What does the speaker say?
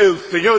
El Señor